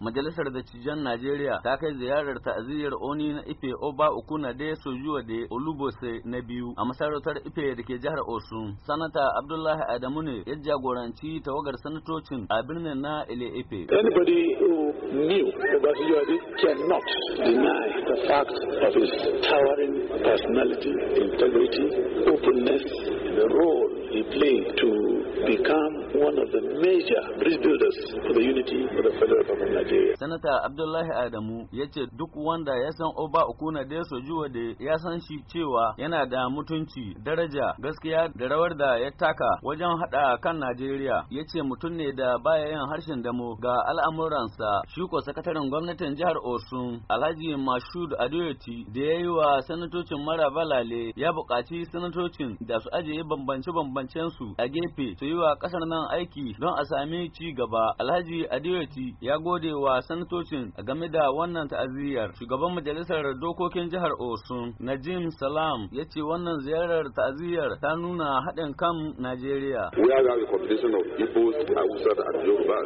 Majalisar Dattijan Najeriya ta kai ziyarar ta'aziyyar Oni na Ife Oba Okuna de Sojuwa de Olubose na biyu a masarautar Ife da ke jihar Osun. Sanata Abdullahi Adamu ne ya jagoranci tawagar sanatocin a birnin na Ile Ife. Anybody who cannot deny the fact of his towering personality, integrity, openness, and the role he played to become one of the major bridge builders for the unity of the federal government of Nigeria. Sanata Abdullahi Adamu ya ce duk wanda ya san Oba Okuna da juwa da ya san shi cewa yana da mutunci, daraja, gaskiya da rawar da ya taka wajen hada kan Najeriya. Ya ce mutum ne da baya yin harshen damo ga al'amuransa. Shi ko sakataren gwamnatin jihar Osun Alhaji Mashud Adoyoti da ya yi wa sanatocin mara balale ya buƙaci sanatocin da su ajiye bambance bambancen su a gefe su yi wa ƙasar nan aiki don a sami ci gaba alhaji adiyoti ya gode wa sanatocin game da wannan ta'aziyyar shugaban majalisar dokokin jihar osun najim salam ya ce wannan ziyarar ta'aziyyar ta nuna haɗin kan najeriya we are a of Igbo, Hausa, and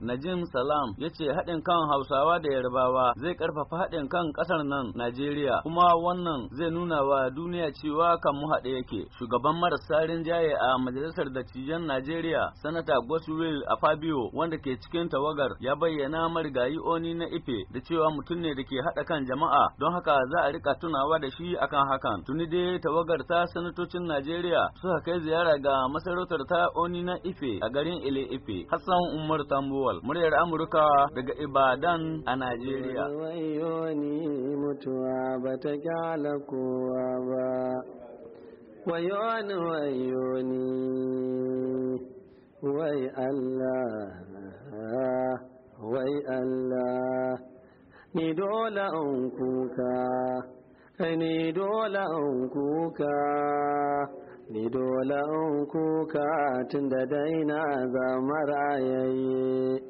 Najim Salam ya ce haɗin kan Hausawa da Yarbawa zai ƙarfafa haɗin kan ƙasar nan Najeriya kuma wannan zai nuna wa duniya cewa kan mu haɗe yake. Shugaban marasa rinjaye a Majalisar Dattijan Najeriya Sanata Goswill Afabio wanda ke cikin tawagar ya bayyana marigayi Oni na Ife da cewa mutum ne da ke haɗa kan jama'a don haka za a rika tunawa da shi akan hakan. Tuni dai tawagar ta sanatocin Najeriya suka kai ziyara ga masarautar ta Oni na Ife a garin Ile Ife. Hassan Umar Tambuwal, muryar Amurka daga Ibadan a Najeriya. mutuwa ba ta kyala kowa ba. Wayoni wai Allah, wai Allah, ni dole an kuka, ni dole an kuka. ni dole kuka tun da daina zamara yayi.